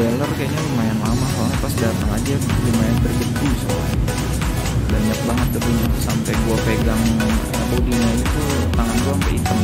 Dealer kayaknya lumayan lama soalnya pas datang aja lumayan berdebu soalnya banyak banget debunya sampai gua pegang eh, bodinya itu tangan gua sampai hitam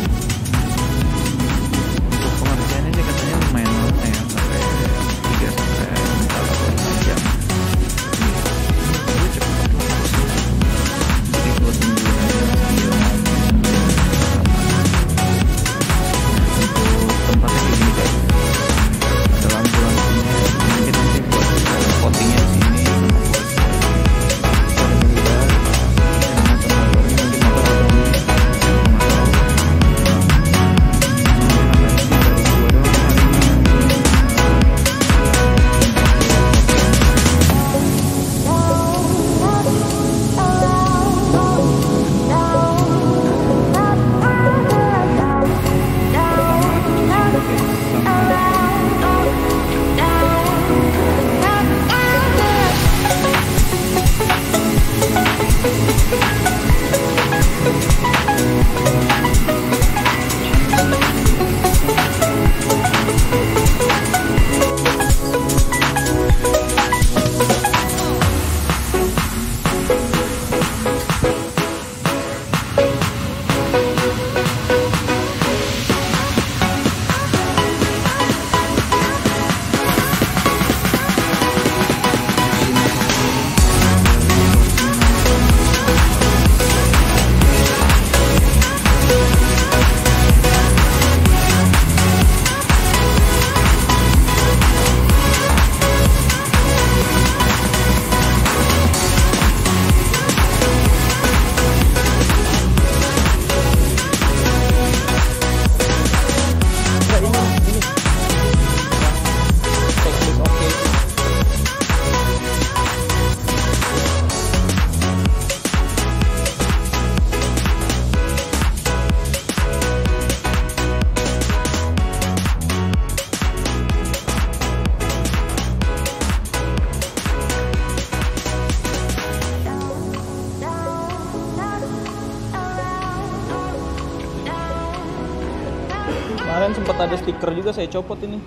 kemarin sempat ada stiker juga saya copot ini.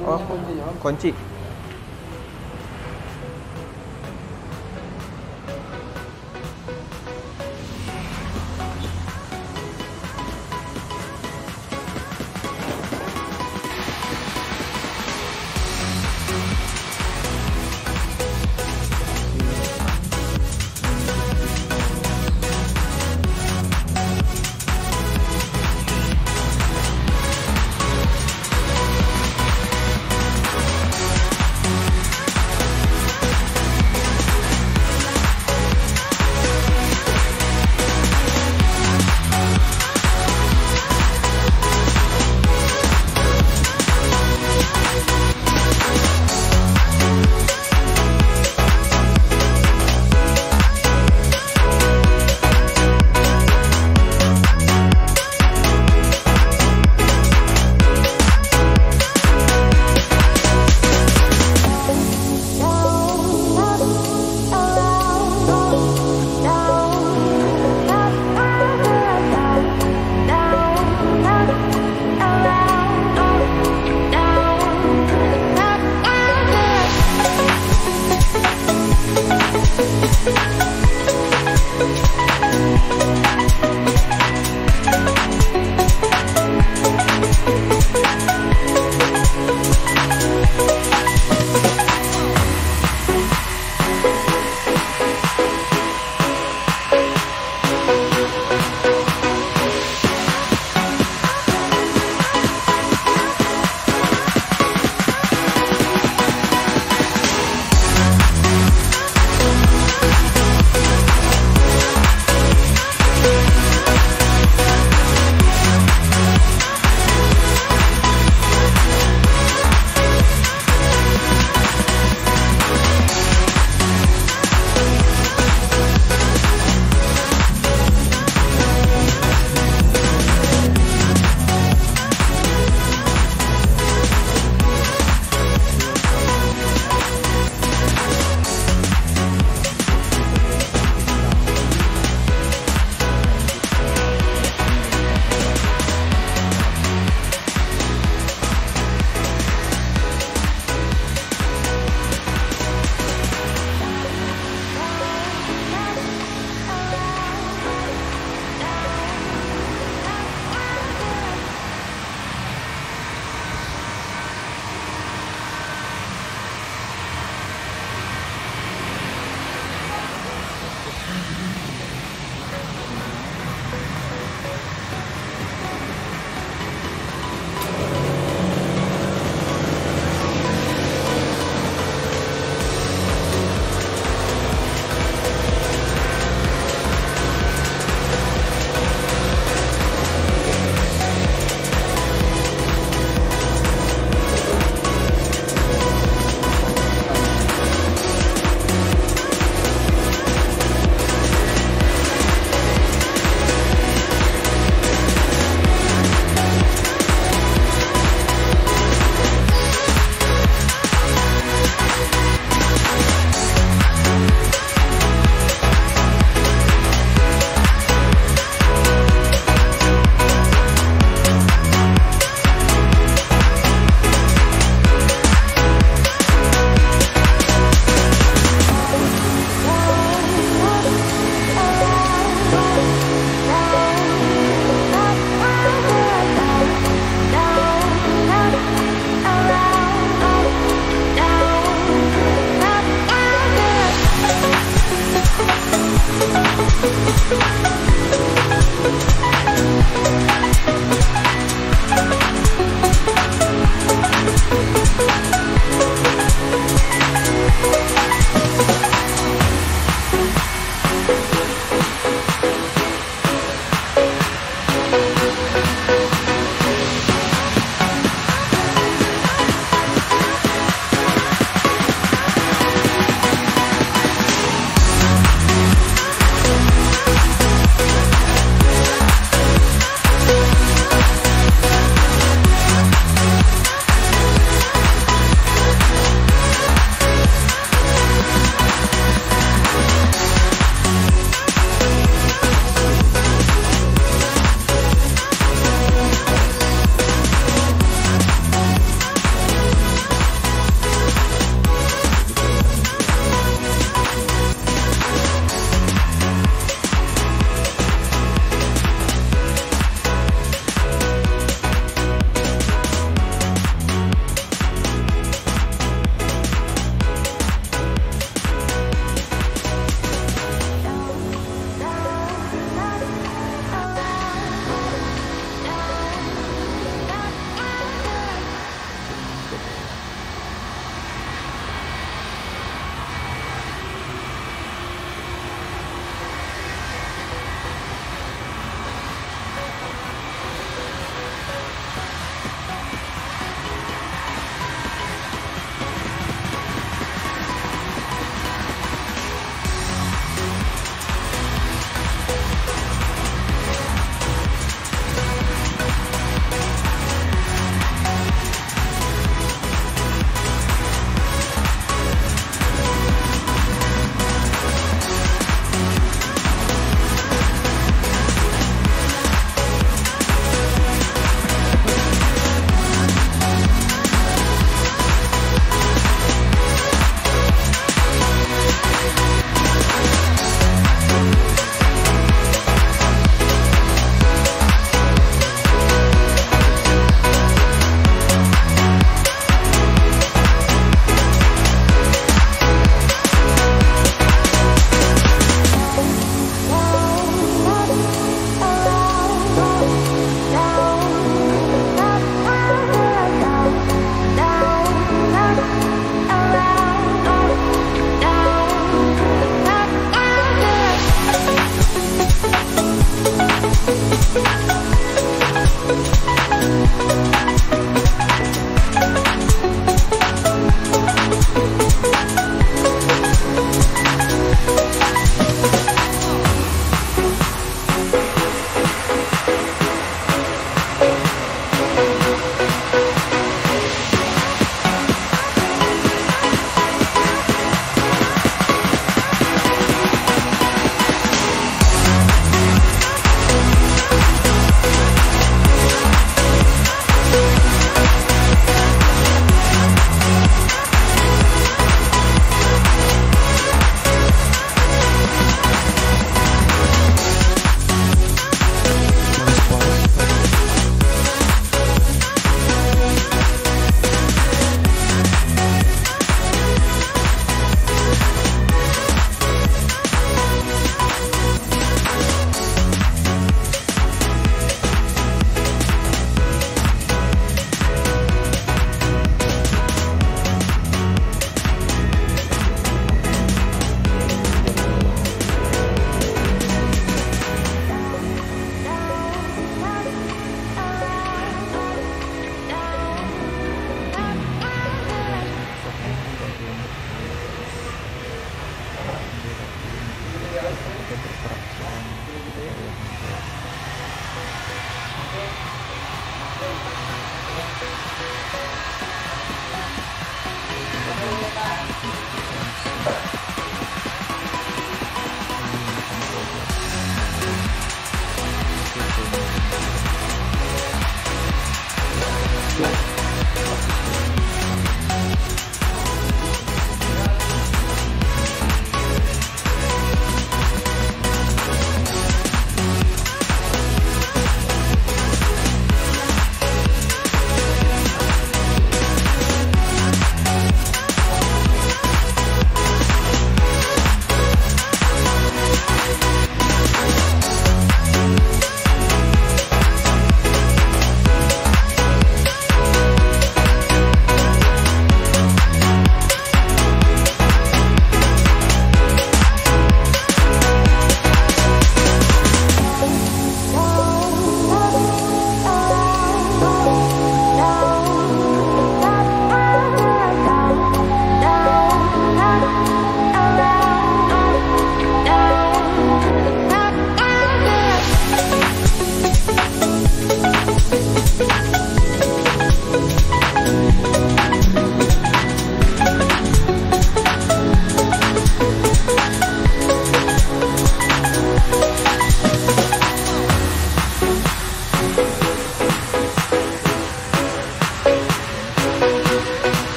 Oh iya. Oh, kunci.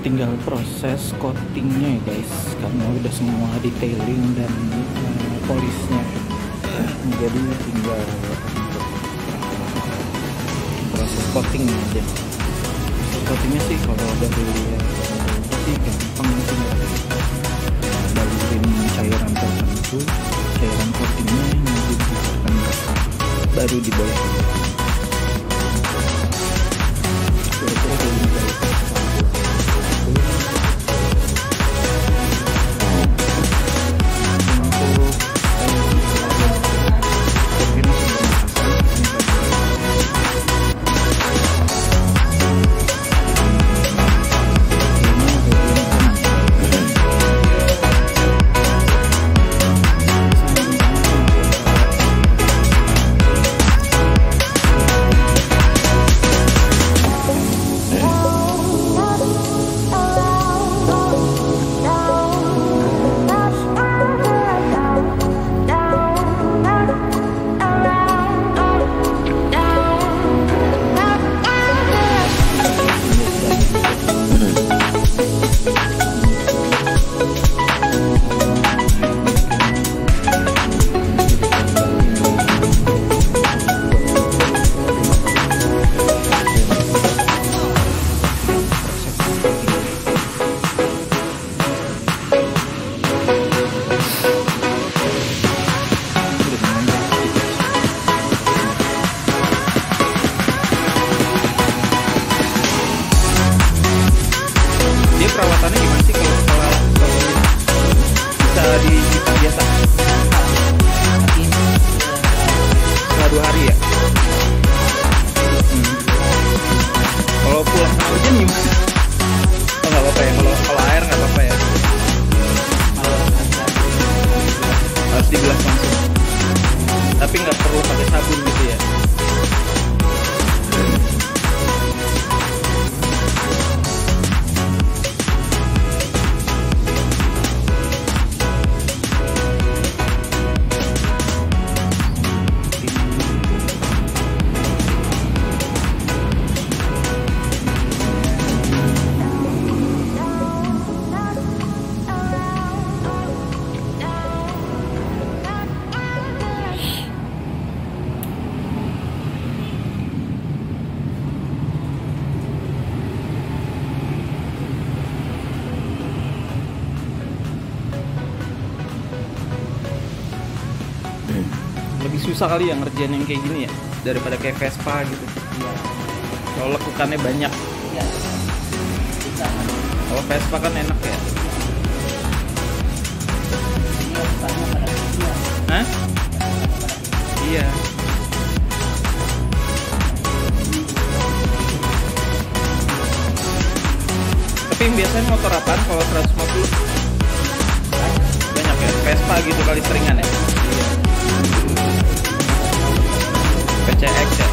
tinggal proses coatingnya ya guys karena udah semua detailing dan uh, polisnya jadi tinggal proses coatingnya aja coatingnya sih kalau udah beli pasti gampang sih balikin cairan tertentu cairan coatingnya yang dibutuhkan baru dibolehkan kali yang ngerjain yang kayak gini ya daripada kayak Vespa gitu iya kalau lekukannya banyak iya kalau Vespa kan enak ya iya, Hah? Iya. Tapi biasanya motor apa kalau 150? Banyak ya, Vespa gitu kali seringan ya? to exit.